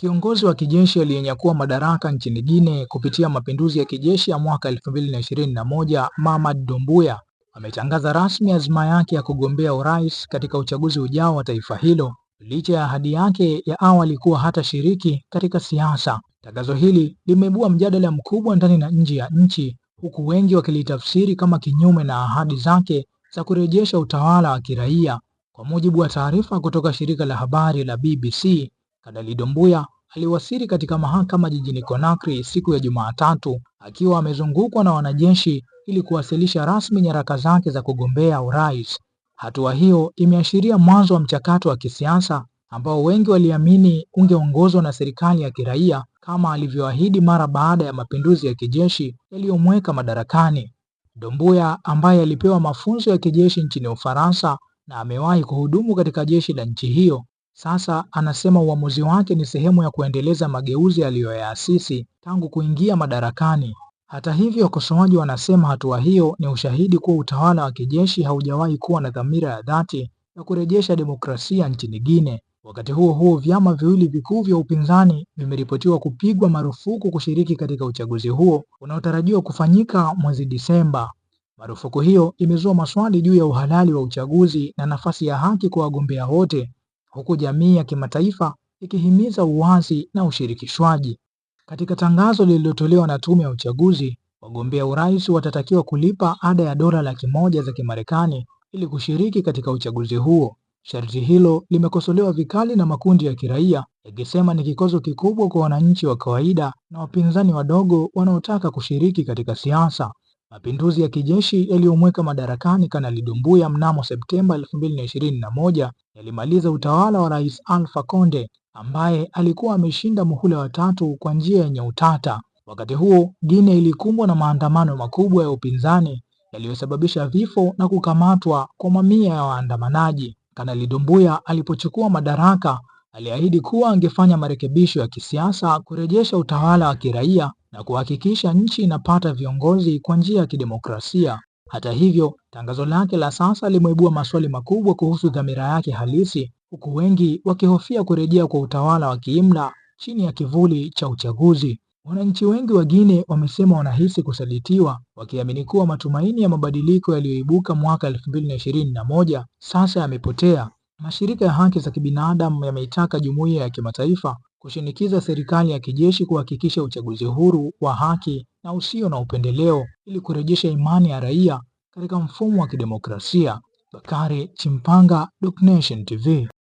Kiongozi wa kijeshi aliyenyakua madaraka nchini Guinea kupitia mapinduzi ya kijeshi ya mwaka 2021, Mamad Doumbouya ametangaza rasmi azma yake ya kugombea urais katika uchaguzi ujao wa taifa hilo licha ya ahadi yake ya awali kuwa hatashiriki katika siasa. Tangazo hili limeibua mjadala mkubwa ndani na nje ya nchi, huku wengi wakilitafsiri kama kinyume na ahadi zake za kurejesha utawala wa kiraia. Kwa mujibu wa taarifa kutoka shirika la habari la BBC, Adalido dombuya aliwasili katika mahakama jijini Conakry siku ya Jumatatu akiwa amezungukwa na wanajeshi ili kuwasilisha rasmi nyaraka zake za kugombea urais. Hatua hiyo imeashiria mwanzo wa mchakato wa kisiasa ambao wengi waliamini ungeongozwa na serikali ya kiraia kama alivyoahidi mara baada ya mapinduzi ya kijeshi yaliyomweka madarakani. Dombuya ambaye alipewa mafunzo ya kijeshi nchini Ufaransa na amewahi kuhudumu katika jeshi la nchi hiyo sasa anasema uamuzi wake ni sehemu ya kuendeleza mageuzi aliyoyaasisi tangu kuingia madarakani. Hata hivyo, wakosoaji wanasema hatua hiyo ni ushahidi kuwa utawala wa kijeshi haujawahi kuwa na dhamira ya dhati ya kurejesha demokrasia nchini Guinea. Wakati huo huo, vyama viwili vikuu vya upinzani vimeripotiwa kupigwa marufuku kushiriki katika uchaguzi huo unaotarajiwa kufanyika mwezi Disemba. Marufuku hiyo imezua maswali juu ya uhalali wa uchaguzi na nafasi ya haki kwa wagombea wote huku jamii ya kimataifa ikihimiza uwazi na ushirikishwaji. Katika tangazo lililotolewa na tume ya uchaguzi, wagombea urais watatakiwa kulipa ada ya dola laki moja za Kimarekani ili kushiriki katika uchaguzi huo. Sharti hilo limekosolewa vikali na makundi ya kiraia yakisema ni kikozo kikubwa kwa wananchi wa kawaida na wapinzani wadogo wanaotaka kushiriki katika siasa. Mapinduzi ya kijeshi yaliyomweka madarakani Kanali Doumbouya mnamo Septemba 2021 yalimaliza utawala wa Rais Alpha Conde ambaye alikuwa ameshinda muhula wa tatu kwa njia yenye utata. Wakati huo, Guinea ilikumbwa na maandamano makubwa ya upinzani yaliyosababisha vifo na kukamatwa kwa mamia ya waandamanaji. Kanali Doumbouya alipochukua madaraka, aliahidi kuwa angefanya marekebisho ya kisiasa, kurejesha utawala wa kiraia na kuhakikisha nchi inapata viongozi kwa njia ya kidemokrasia. Hata hivyo, tangazo lake la sasa limeibua maswali makubwa kuhusu dhamira yake halisi, huku wengi wakihofia kurejea kwa utawala wa kiimla chini ya kivuli cha uchaguzi. Wananchi wengi wa guine wamesema wanahisi kusalitiwa, wakiamini kuwa matumaini ya mabadiliko yaliyoibuka mwaka 2021 sasa yamepotea. Mashirika ya haki za kibinadamu yameitaka jumuiya ya kimataifa kushinikiza serikali ya kijeshi kuhakikisha uchaguzi huru wa haki na usio na upendeleo ili kurejesha imani ya raia katika mfumo wa kidemokrasia. Bakari Chimpanga, Duc Nation TV.